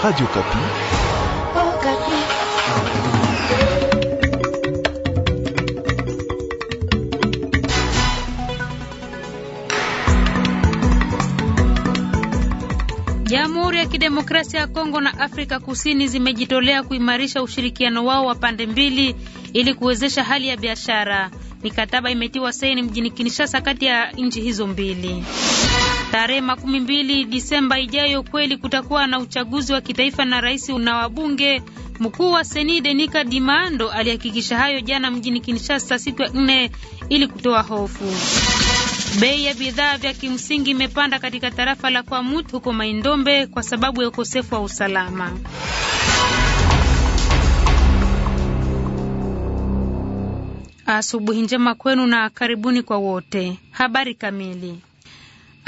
Radio Kapi. Oh, Kapi. Jamhuri ya Kidemokrasia ya Kongo na Afrika Kusini zimejitolea kuimarisha ushirikiano wao wa pande mbili ili kuwezesha hali ya biashara. Mikataba imetiwa saini mjini Kinshasa kati ya nchi hizo mbili. Tarehe makumi mbili Disemba ijayo kweli kutakuwa na uchaguzi wa kitaifa na rais na wabunge. Mkuu wa seni Denika Dimando alihakikisha hayo jana mjini Kinshasa siku ya nne ili kutoa hofu. Bei ya bidhaa vya kimsingi imepanda katika tarafa la Kwamouth huko Maindombe kwa sababu ya ukosefu wa usalama. Asubuhi njema kwenu na karibuni kwa wote. Habari kamili.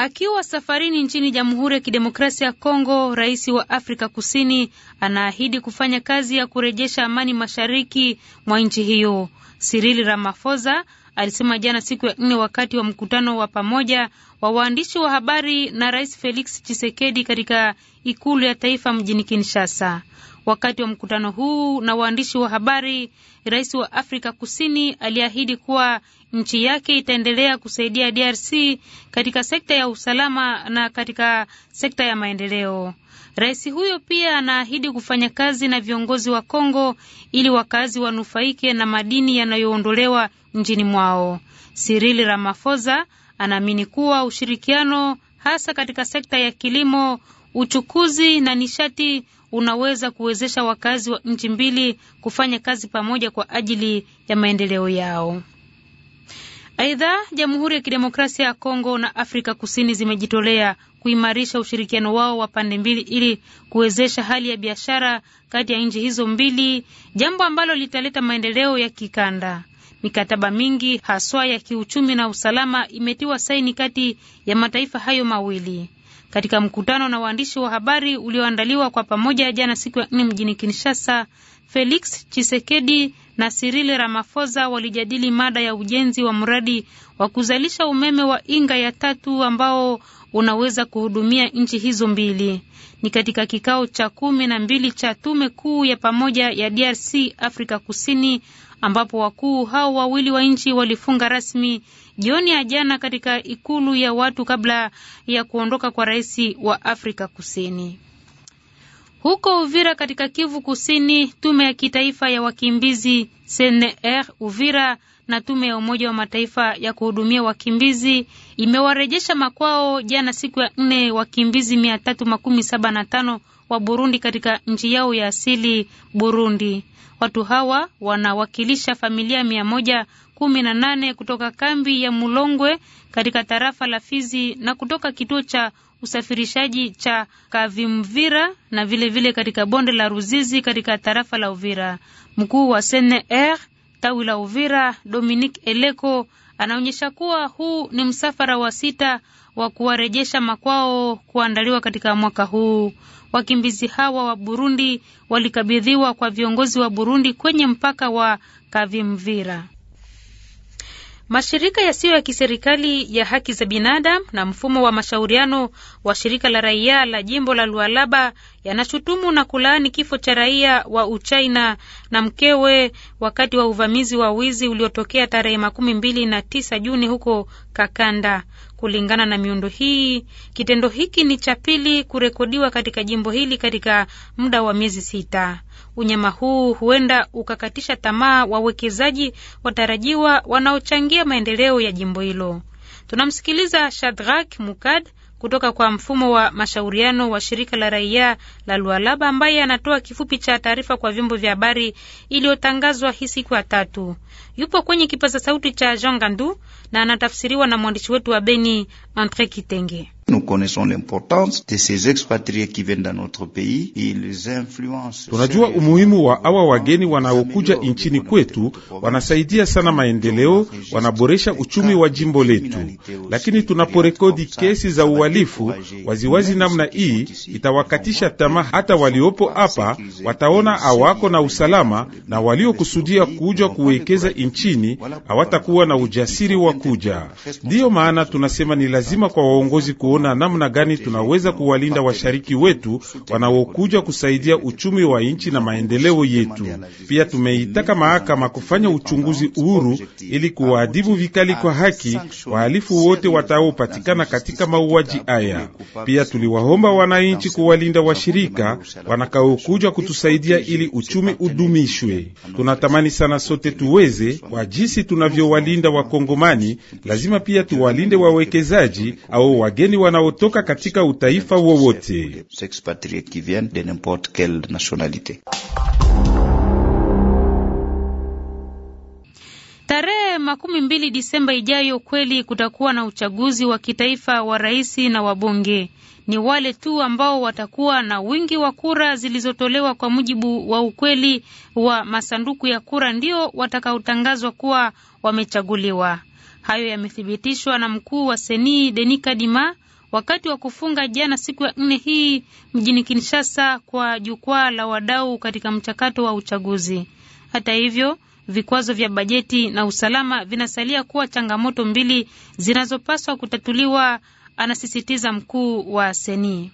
Akiwa safarini nchini Jamhuri ya Kidemokrasia ya Kongo, rais wa Afrika Kusini anaahidi kufanya kazi ya kurejesha amani mashariki mwa nchi hiyo. Cyril Ramaphosa alisema jana siku ya nne wakati wa mkutano wa pamoja wa waandishi wa habari na Rais Felix Tshisekedi katika ikulu ya taifa mjini Kinshasa. Wakati wa mkutano huu na waandishi wa habari, rais wa Afrika Kusini aliahidi kuwa nchi yake itaendelea kusaidia DRC katika sekta ya usalama na katika sekta ya maendeleo. Rais huyo pia anaahidi kufanya kazi na viongozi wa Kongo ili wakazi wanufaike na madini yanayoondolewa nchini mwao. Cyril Ramaphosa anaamini kuwa ushirikiano hasa katika sekta ya kilimo uchukuzi na nishati unaweza kuwezesha wakazi wa nchi mbili kufanya kazi pamoja kwa ajili ya maendeleo yao. Aidha, Jamhuri ya Kidemokrasia ya Kongo na Afrika Kusini zimejitolea kuimarisha ushirikiano wao wa pande mbili ili kuwezesha hali ya biashara kati ya nchi hizo mbili, jambo ambalo litaleta maendeleo ya kikanda. Mikataba mingi haswa ya kiuchumi na usalama imetiwa saini kati ya mataifa hayo mawili. Katika mkutano na waandishi wa habari ulioandaliwa kwa pamoja jana siku ya nne mjini Kinshasa, Felix Chisekedi na siril ramafosa walijadili mada ya ujenzi wa mradi wa kuzalisha umeme wa Inga ya tatu ambao unaweza kuhudumia nchi hizo mbili. Ni katika kikao cha kumi na mbili cha tume kuu ya pamoja ya DRC Afrika Kusini ambapo wakuu hao wawili wa nchi walifunga rasmi jioni ya jana katika ikulu ya watu kabla ya kuondoka kwa rais wa Afrika Kusini. Huko Uvira katika Kivu Kusini, tume ya kitaifa ya wakimbizi CNR Uvira na tume ya Umoja wa Mataifa ya kuhudumia wakimbizi imewarejesha makwao jana siku ya nne wakimbizi mia tatu makumi saba na tano wa Burundi katika nchi yao ya asili Burundi. Watu hawa wanawakilisha familia mia moja kumi na nane kutoka kambi ya Mulongwe katika tarafa la Fizi na kutoka kituo cha usafirishaji cha Kavimvira na vilevile vile katika bonde la Ruzizi katika tarafa la Uvira. Mkuu wa CNR tawi la Uvira, Dominic Eleko, anaonyesha kuwa huu ni msafara wa sita wa kuwarejesha makwao kuandaliwa katika mwaka huu. Wakimbizi hawa wa Burundi walikabidhiwa kwa viongozi wa Burundi kwenye mpaka wa Kavimvira. Mashirika yasiyo ya kiserikali ya haki za binadamu na mfumo wa mashauriano wa shirika la raia la jimbo la Lualaba yanashutumu na kulaani kifo cha raia wa Uchaina na mkewe wakati wa uvamizi wa wizi uliotokea tarehe makumi mbili na tisa Juni huko Kakanda. Kulingana na miundo hii, kitendo hiki ni cha pili kurekodiwa katika jimbo hili katika muda wa miezi sita. Unyama huu huenda ukakatisha tamaa wawekezaji watarajiwa wanaochangia maendeleo ya jimbo hilo. Tunamsikiliza Shadrak Mukad kutoka kwa mfumo wa mashauriano wa shirika la raia la Lualaba ambaye anatoa kifupi cha taarifa kwa vyombo vya habari iliyotangazwa hii siku ya tatu. Yupo kwenye kipaza sauti cha Jean Gandu na anatafsiriwa na mwandishi wetu wa Beni Andre Kitenge. Nous connaissons l'importance de ces expatriés qui viennent dans notre pays et les influences. Tunajua umuhimu wa awa wageni wanaokuja nchini kwetu, wanasaidia sana maendeleo, wanaboresha uchumi wa jimbo letu. Lakini tunaporekodi kesi za uhalifu waziwazi namna hii, itawakatisha tamaa. Hata waliopo hapa wataona hawako na usalama, na waliokusudia kuja kuwekeza nchini hawatakuwa na ujasiri wa kuja. Ndiyo maana tunasema ni lazima kwa waongozi kuona kuona namna gani tunaweza kuwalinda washariki wetu wanaokuja kusaidia uchumi wa nchi na maendeleo yetu. Pia tumeitaka mahakama kufanya uchunguzi uhuru ili kuwaadhibu vikali kwa haki wahalifu wote wataopatikana katika mauaji haya. Pia tuliwaomba wananchi kuwalinda washirika wanakaokuja kutusaidia ili uchumi udumishwe. Tunatamani sana sote tuweze, kwa jinsi tunavyowalinda Wakongomani, lazima pia tuwalinde wawekezaji au wageni wa wanaotoka katika utaifa wowote. Tarehe makumi mbili Disemba ijayo kweli kutakuwa na uchaguzi wa kitaifa wa rais na wabunge. Ni wale tu ambao watakuwa na wingi wa kura zilizotolewa kwa mujibu wa ukweli wa masanduku ya kura ndio watakaotangazwa kuwa wamechaguliwa. Hayo yamethibitishwa na mkuu wa Seni Denika Dima wakati wa kufunga jana siku ya nne hii mjini Kinshasa kwa jukwaa la wadau katika mchakato wa uchaguzi. Hata hivyo, vikwazo vya bajeti na usalama vinasalia kuwa changamoto mbili zinazopaswa kutatuliwa, anasisitiza mkuu wa Seni.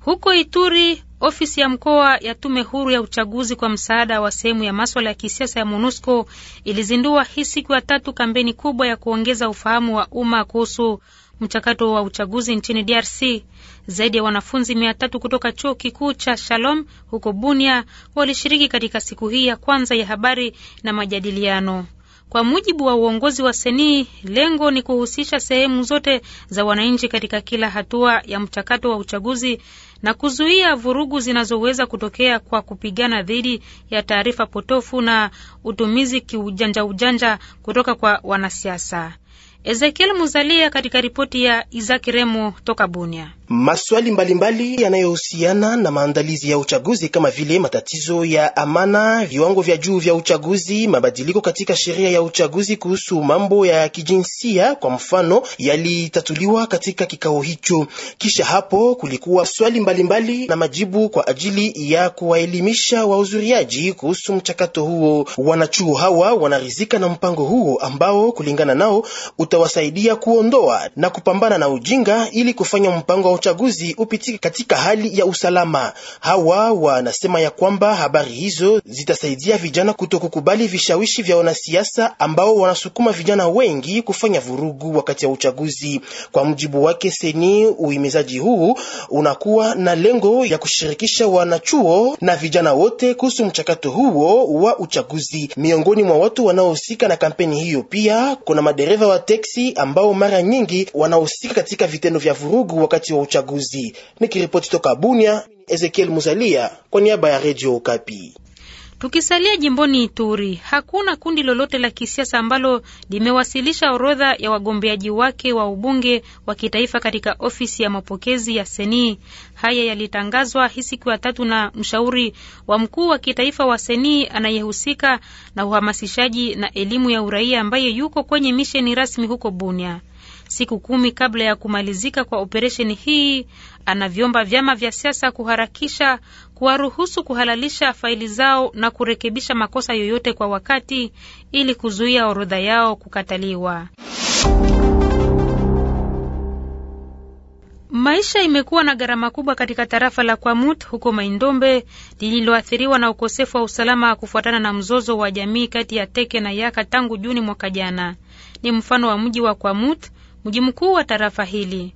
Huko Ituri, ofisi ya mkoa ya tume huru ya uchaguzi kwa msaada wa sehemu ya maswala ya kisiasa ya MONUSCO ilizindua hii siku ya tatu kampeni kubwa ya kuongeza ufahamu wa umma kuhusu mchakato wa uchaguzi nchini DRC. Zaidi ya wanafunzi mia tatu kutoka chuo kikuu cha Shalom huko Bunia walishiriki katika siku hii ya kwanza ya habari na majadiliano. Kwa mujibu wa uongozi wa Senii, lengo ni kuhusisha sehemu zote za wananchi katika kila hatua ya mchakato wa uchaguzi na kuzuia vurugu zinazoweza kutokea kwa kupigana dhidi ya taarifa potofu na utumizi kiujanja ujanja kutoka kwa wanasiasa. Ezekiel Muzalia katika ripoti ya Isaac Remo toka Bunia. Maswali mbalimbali yanayohusiana na maandalizi ya uchaguzi kama vile matatizo ya amana, viwango vya juu vya uchaguzi, mabadiliko katika sheria ya uchaguzi kuhusu mambo ya kijinsia kwa mfano, yalitatuliwa katika kikao hicho. Kisha hapo kulikuwa swali mbalimbali mbali na majibu kwa ajili ya kuwaelimisha wahudhuriaji kuhusu mchakato huo. Wanachuo hawa wanarizika na mpango huo ambao kulingana nao utawasaidia kuondoa na kupambana na ujinga ili kufanya mpango wa uchaguzi upitike katika hali ya usalama. Hawa wanasema ya kwamba habari hizo zitasaidia vijana kutokukubali vishawishi vya wanasiasa ambao wanasukuma vijana wengi kufanya vurugu wakati ya uchaguzi. Kwa mujibu wake Seni, uhimizaji huu unakuwa na lengo ya kushirikisha wanachuo na vijana wote kuhusu mchakato huo wa uchaguzi. Miongoni mwa watu wanaohusika na kampeni hiyo pia kuna madereva wa teksi ambao mara nyingi wanahusika katika vitendo vya vurugu wakati wa uchaguzi. Nikiripoti toka Bunia, Ezekiel Muzalia kwa niaba ya Radio Okapi. Tukisalia jimboni Ituri, hakuna kundi lolote la kisiasa ambalo limewasilisha orodha ya wagombeaji wake wa ubunge wa kitaifa katika ofisi ya mapokezi ya seni Haya yalitangazwa hii siku ya tatu na mshauri wa mkuu wa kitaifa wa Senii anayehusika na uhamasishaji na elimu ya uraia ambaye yuko kwenye misheni rasmi huko Bunia. Siku kumi kabla ya kumalizika kwa operesheni hii, anavyomba vyama vya siasa kuharakisha kuwaruhusu kuhalalisha faili zao na kurekebisha makosa yoyote kwa wakati ili kuzuia orodha yao kukataliwa. Maisha imekuwa na gharama kubwa katika tarafa la Kwamut huko Maindombe lililoathiriwa na ukosefu wa usalama kufuatana na mzozo wa jamii kati ya Teke na Yaka tangu Juni mwaka jana. Ni mfano wa mji wa Kwamut, mji mkuu wa tarafa hili.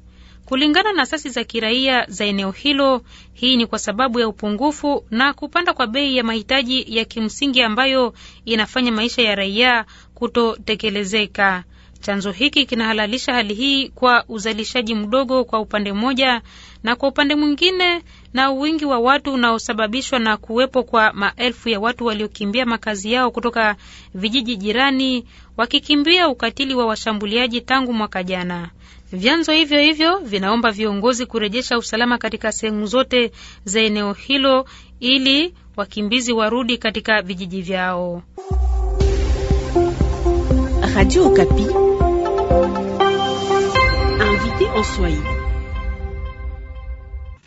Kulingana na asasi za kiraia za eneo hilo, hii ni kwa sababu ya upungufu na kupanda kwa bei ya mahitaji ya kimsingi ambayo inafanya maisha ya raia kutotekelezeka. Chanzo hiki kinahalalisha hali hii kwa uzalishaji mdogo kwa upande mmoja, na kwa upande mwingine na wingi wa watu unaosababishwa na kuwepo kwa maelfu ya watu waliokimbia makazi yao kutoka vijiji jirani, wakikimbia ukatili wa washambuliaji tangu mwaka jana. Vyanzo hivyo hivyo vinaomba viongozi kurejesha usalama katika sehemu zote za eneo hilo ili wakimbizi warudi katika vijiji vyao.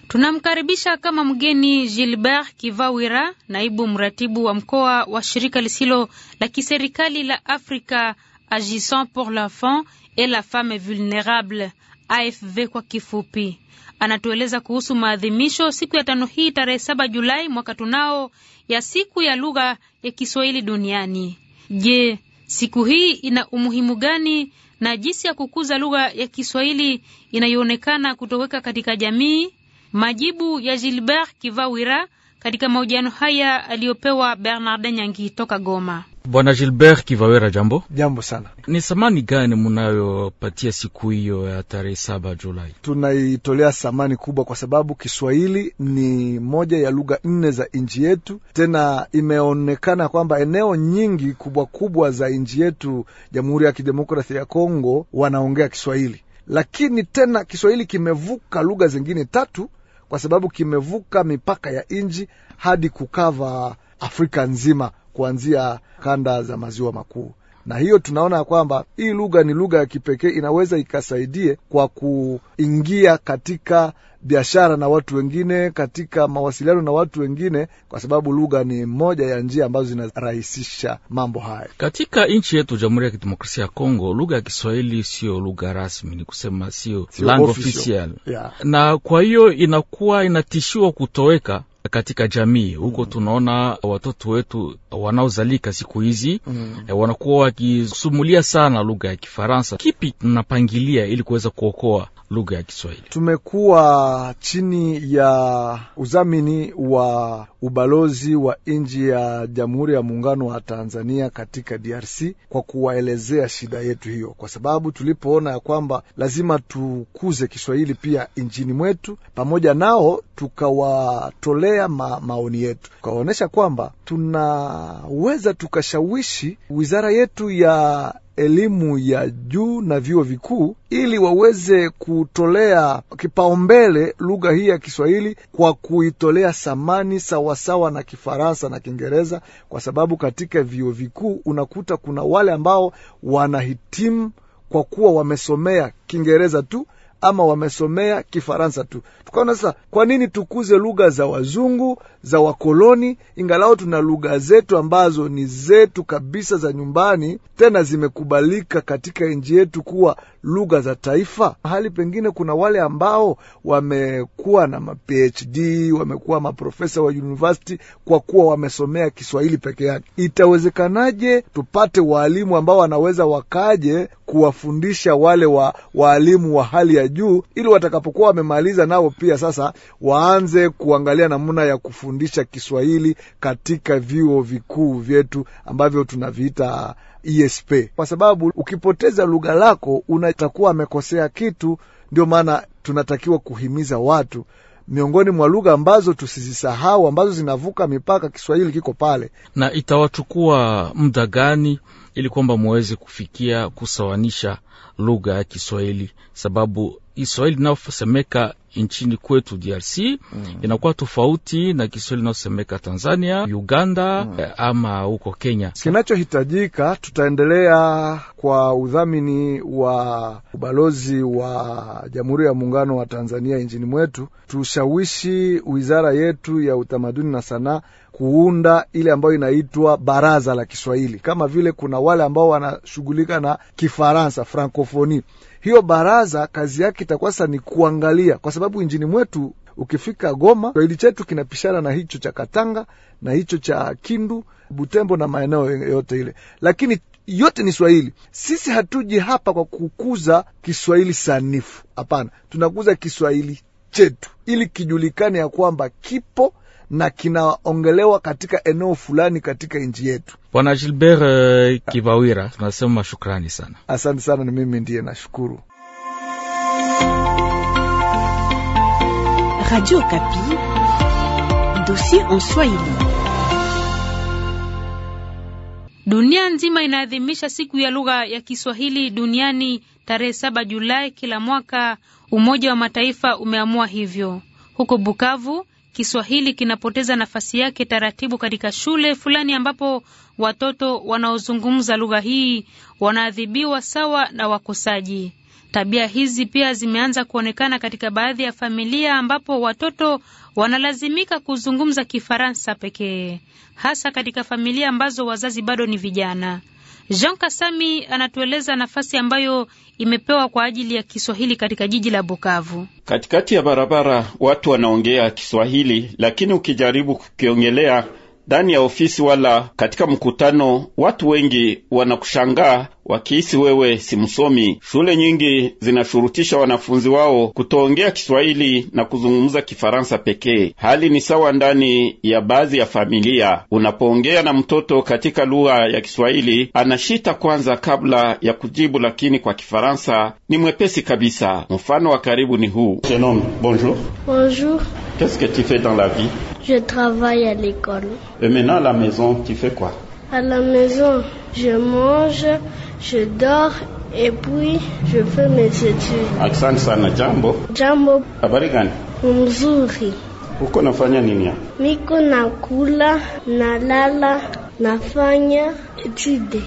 Tunamkaribisha kama mgeni Gilbert Kivawira, naibu mratibu wa mkoa wa shirika lisilo la kiserikali la Afrika agissant pour l'enfant et la femme vulnérable AFV kwa kifupi. Anatueleza kuhusu maadhimisho siku ya tano hii tarehe saba Julai mwaka tunao ya siku ya lugha ya Kiswahili duniani. Je, siku hii ina umuhimu gani na jinsi ya kukuza lugha ya Kiswahili inayoonekana kutoweka katika jamii? Majibu ya Gilbert Kivawira katika mahojiano haya aliyopewa Bernard Nyangi toka Goma. Bwana Gilbert Kivawera, jambo. Jambo sana. Ni samani gani munayopatia siku hiyo ya tarehe saba Julai? Tunaitolea samani kubwa kwa sababu Kiswahili ni moja ya lugha nne za nchi yetu, tena imeonekana kwamba eneo nyingi kubwa kubwa za nchi yetu, Jamhuri ya Kidemokrasia ya Kongo, wanaongea Kiswahili, lakini tena Kiswahili kimevuka lugha zingine tatu kwa sababu kimevuka mipaka ya nchi hadi kukava Afrika nzima kuanzia kanda za maziwa makuu na hiyo tunaona ya kwamba hii lugha ni lugha ya kipekee, inaweza ikasaidie kwa kuingia katika biashara na watu wengine, katika mawasiliano na watu wengine, kwa sababu lugha ni moja ya njia ambazo zinarahisisha mambo haya. Katika nchi yetu Jamhuri ya Kidemokrasia ya Kongo, lugha ya Kiswahili siyo lugha rasmi, ni kusema sio official, yeah. Na kwa hiyo inakuwa inatishiwa kutoweka katika jamii huko, mm. tunaona watoto wetu wanaozalika siku hizi mm. Eh, wanakuwa wakisumulia sana lugha ya Kifaransa. Kipi tunapangilia ili kuweza kuokoa lugha ya Kiswahili? Tumekuwa chini ya udhamini wa ubalozi wa nchi ya Jamhuri ya Muungano wa Tanzania katika DRC kwa kuwaelezea shida yetu hiyo, kwa sababu tulipoona ya kwamba lazima tukuze Kiswahili pia nchini mwetu, pamoja nao tukawatolea ma, maoni yetu, tukawaonyesha kwamba tunaweza tukashawishi wizara yetu ya elimu ya juu na vyuo vikuu ili waweze kutolea kipaumbele lugha hii ya Kiswahili kwa kuitolea thamani sawasawa na Kifaransa na Kiingereza, kwa sababu katika vyuo vikuu unakuta kuna wale ambao wanahitimu kwa kuwa wamesomea Kiingereza tu ama wamesomea Kifaransa tu. Tukaona sasa, kwa nini tukuze lugha za wazungu za wakoloni, ingalao tuna lugha zetu ambazo ni zetu kabisa za nyumbani, tena zimekubalika katika nchi yetu kuwa lugha za taifa. Mahali pengine kuna wale ambao wamekuwa na ma PhD, wamekuwa maprofesa wa university kwa kuwa wamesomea Kiswahili peke yake. Itawezekanaje tupate waalimu ambao wanaweza wakaje kuwafundisha wale wa waalimu wa hali ya juu, ili watakapokuwa wamemaliza nao pia sasa waanze kuangalia namna ya kufundisha Kiswahili katika vyuo vikuu vyetu ambavyo tunaviita ESP, kwa sababu ukipoteza lugha lako unatakuwa amekosea kitu. Ndio maana tunatakiwa kuhimiza watu miongoni mwa lugha ambazo tusizisahau ambazo zinavuka mipaka, Kiswahili kiko pale. Na itawachukua muda gani ili kwamba muweze kufikia kusawanisha lugha ya Kiswahili? Sababu Kiswahili inayosemeka nchini kwetu DRC mm. inakuwa tofauti na Kiswahili inayosemeka Tanzania, Uganda mm. Eh, ama huko Kenya. Kinachohitajika, tutaendelea kwa udhamini wa ubalozi wa Jamhuri ya Muungano wa Tanzania nchini mwetu, tushawishi wizara yetu ya utamaduni na sanaa kuunda ile ambayo inaitwa baraza la Kiswahili, kama vile kuna wale ambao wanashughulika na Kifaransa, frankofoni. Hiyo baraza kazi yake itakuwa sasa ni kuangalia, kwa sababu injini mwetu ukifika Goma, Kiswahili chetu kinapishana na hicho cha Katanga na hicho cha Kindu, Butembo na maeneo yote ile, lakini yote ni Swahili. Sisi hatuji hapa kwa kukuza Kiswahili sanifu, hapana, tunakuza Kiswahili chetu ili kijulikane ya kwamba kipo na kinaongelewa katika eneo fulani katika nchi yetu. Bwana Gilbert uh, Kibawira, tunasema shukrani sana, asante sana. Ni mimi ndiye nashukuru. Radio Kapi, dossier en Swahili. Dunia nzima inaadhimisha siku ya lugha ya Kiswahili duniani tarehe saba Julai kila mwaka. Umoja wa Mataifa umeamua hivyo. Huko Bukavu Kiswahili kinapoteza nafasi yake taratibu katika shule fulani ambapo watoto wanaozungumza lugha hii wanaadhibiwa sawa na wakosaji. Tabia hizi pia zimeanza kuonekana katika baadhi ya familia ambapo watoto wanalazimika kuzungumza Kifaransa pekee, hasa katika familia ambazo wazazi bado ni vijana. Jean Kasami anatueleza nafasi ambayo imepewa kwa ajili ya Kiswahili katika jiji la Bukavu. Katikati ya barabara watu wanaongea Kiswahili, lakini ukijaribu kukiongelea ndani ya ofisi wala katika mkutano. Watu wengi wanakushangaa wakiisi wewe si msomi. Shule nyingi zinashurutisha wanafunzi wao kutoongea Kiswahili na kuzungumza Kifaransa pekee. Hali ni sawa ndani ya baadhi ya familia. Unapoongea na mtoto katika lugha ya Kiswahili anashita kwanza kabla ya kujibu, lakini kwa Kifaransa ni mwepesi kabisa. Mfano wa karibu ni huu: bonjour. Bonjour. Qu'est-ce que tu fais dans la vie? Je travaille à l'école. Et maintenant, à la maison, tu fais quoi À la maison, je mange, je dors et puis je fais mes études. Djambo sana, jambo. Jambo. Habari gani? Mzuri. Uko nini Niko nakula, nalala, nafanya études.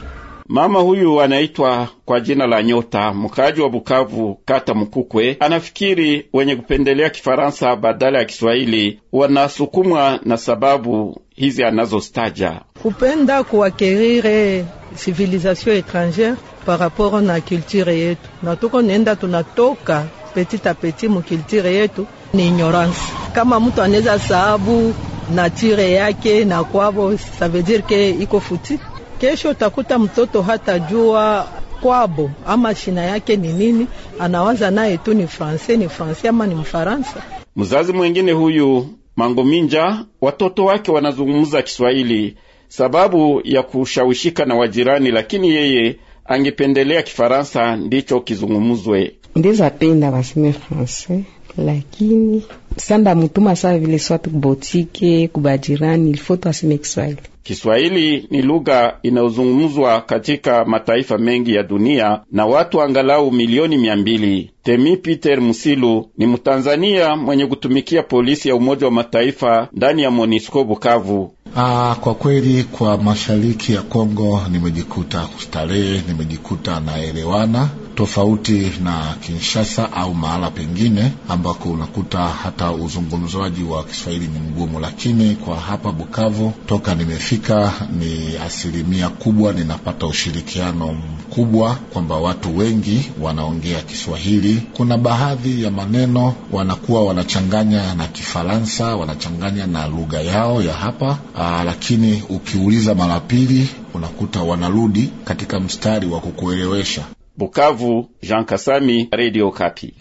Mama huyu anaitwa kwa jina la Nyota, mkaaji wa Bukavu, kata Mkukwe. Anafikiri wenye kupendelea Kifaransa badala ya Kiswahili wanasukumwa na sababu hizi anazostaja: kupenda kuwakerire sivilizasyon etrangere par rapport na kulture yetu, na tuko nenda tunatoka petit a petit mu yetu ni ignorance. Kama mtu anaweza sababu natire yake na kwavo, ça veut dire ke iko futi Kesho utakuta mtoto hata jua kwabo ama shina yake ni nini, anawaza naye tu ni franse ni franse ama ni Mfaransa. Mzazi mwengine huyu Mangominja, watoto wake wanazungumza Kiswahili sababu ya kushawishika na wajirani, lakini yeye angependelea Kifaransa ndicho kizungumuzwe. Ndizapenda penda baseme franse lakini sanda mutuma saa vile swatu botike kubajirani ilfoto aseme Kiswahili Kiswahili ni lugha inayozungumzwa katika mataifa mengi ya dunia na watu angalau milioni mia mbili. Temi Peter Musilu ni Mtanzania mwenye kutumikia polisi ya Umoja wa Mataifa ndani ya Monisco Bukavu. Aa, ah, kwa kweli kwa mashariki ya Kongo nimejikuta kustarehe, nimejikuta naelewana tofauti na Kinshasa au mahala pengine ambako unakuta hata uzungumzaji wa Kiswahili ni mgumu, lakini kwa hapa Bukavu toka nimefika ni asilimia kubwa ninapata ushirikiano mkubwa, kwamba watu wengi wanaongea Kiswahili. Kuna baadhi ya maneno wanakuwa wanachanganya na Kifaransa, wanachanganya na lugha yao ya hapa aa, lakini ukiuliza mara pili unakuta wanarudi katika mstari wa kukuelewesha. Bukavu, Jean Kasami, Radio Kapi.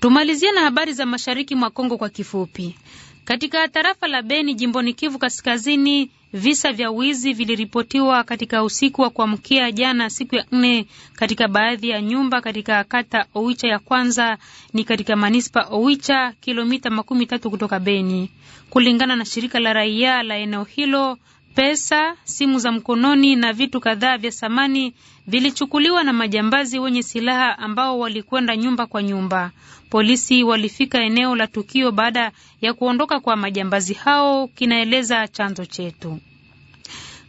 Tumalizia na habari za mashariki mwa Kongo kwa kifupi. Katika tarafa la Beni jimboni Kivu Kaskazini, visa vya wizi viliripotiwa katika usiku wa kuamkia jana siku ya nne katika baadhi ya nyumba katika kata Owicha ya kwanza ni katika manispa Owicha, kilomita makumi tatu kutoka Beni, kulingana na shirika la raia la eneo hilo. Pesa, simu za mkononi na vitu kadhaa vya samani vilichukuliwa na majambazi wenye silaha ambao walikwenda nyumba kwa nyumba. Polisi walifika eneo la tukio baada ya kuondoka kwa majambazi hao, kinaeleza chanzo chetu.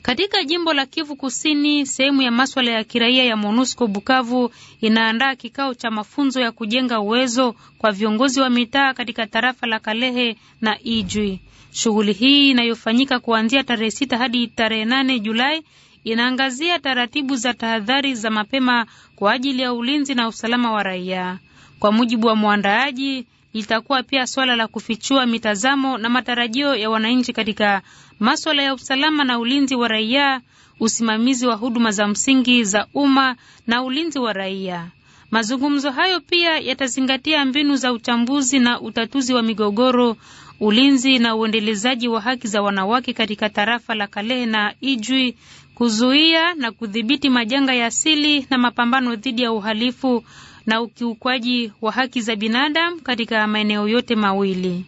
Katika jimbo la Kivu Kusini, sehemu ya maswala ya kiraia ya MONUSCO Bukavu inaandaa kikao cha mafunzo ya kujenga uwezo kwa viongozi wa mitaa katika tarafa la Kalehe na Ijwi. Shughuli hii inayofanyika kuanzia tarehe sita hadi tarehe nane Julai inaangazia taratibu za tahadhari za mapema kwa ajili ya ulinzi na usalama wa raia. Kwa mujibu wa mwandaaji, litakuwa pia swala la kufichua mitazamo na matarajio ya wananchi katika maswala ya usalama na ulinzi wa raia, usimamizi wa huduma za msingi za umma na ulinzi wa raia. Mazungumzo hayo pia yatazingatia mbinu za uchambuzi na utatuzi wa migogoro, ulinzi na uendelezaji wa haki za wanawake katika tarafa la Kalehe na Ijwi kuzuia na kudhibiti majanga ya asili na mapambano dhidi ya uhalifu na ukiukwaji wa haki za binadamu katika maeneo yote mawili.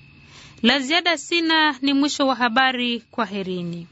La ziada sina, ni mwisho wa habari. Kwaherini.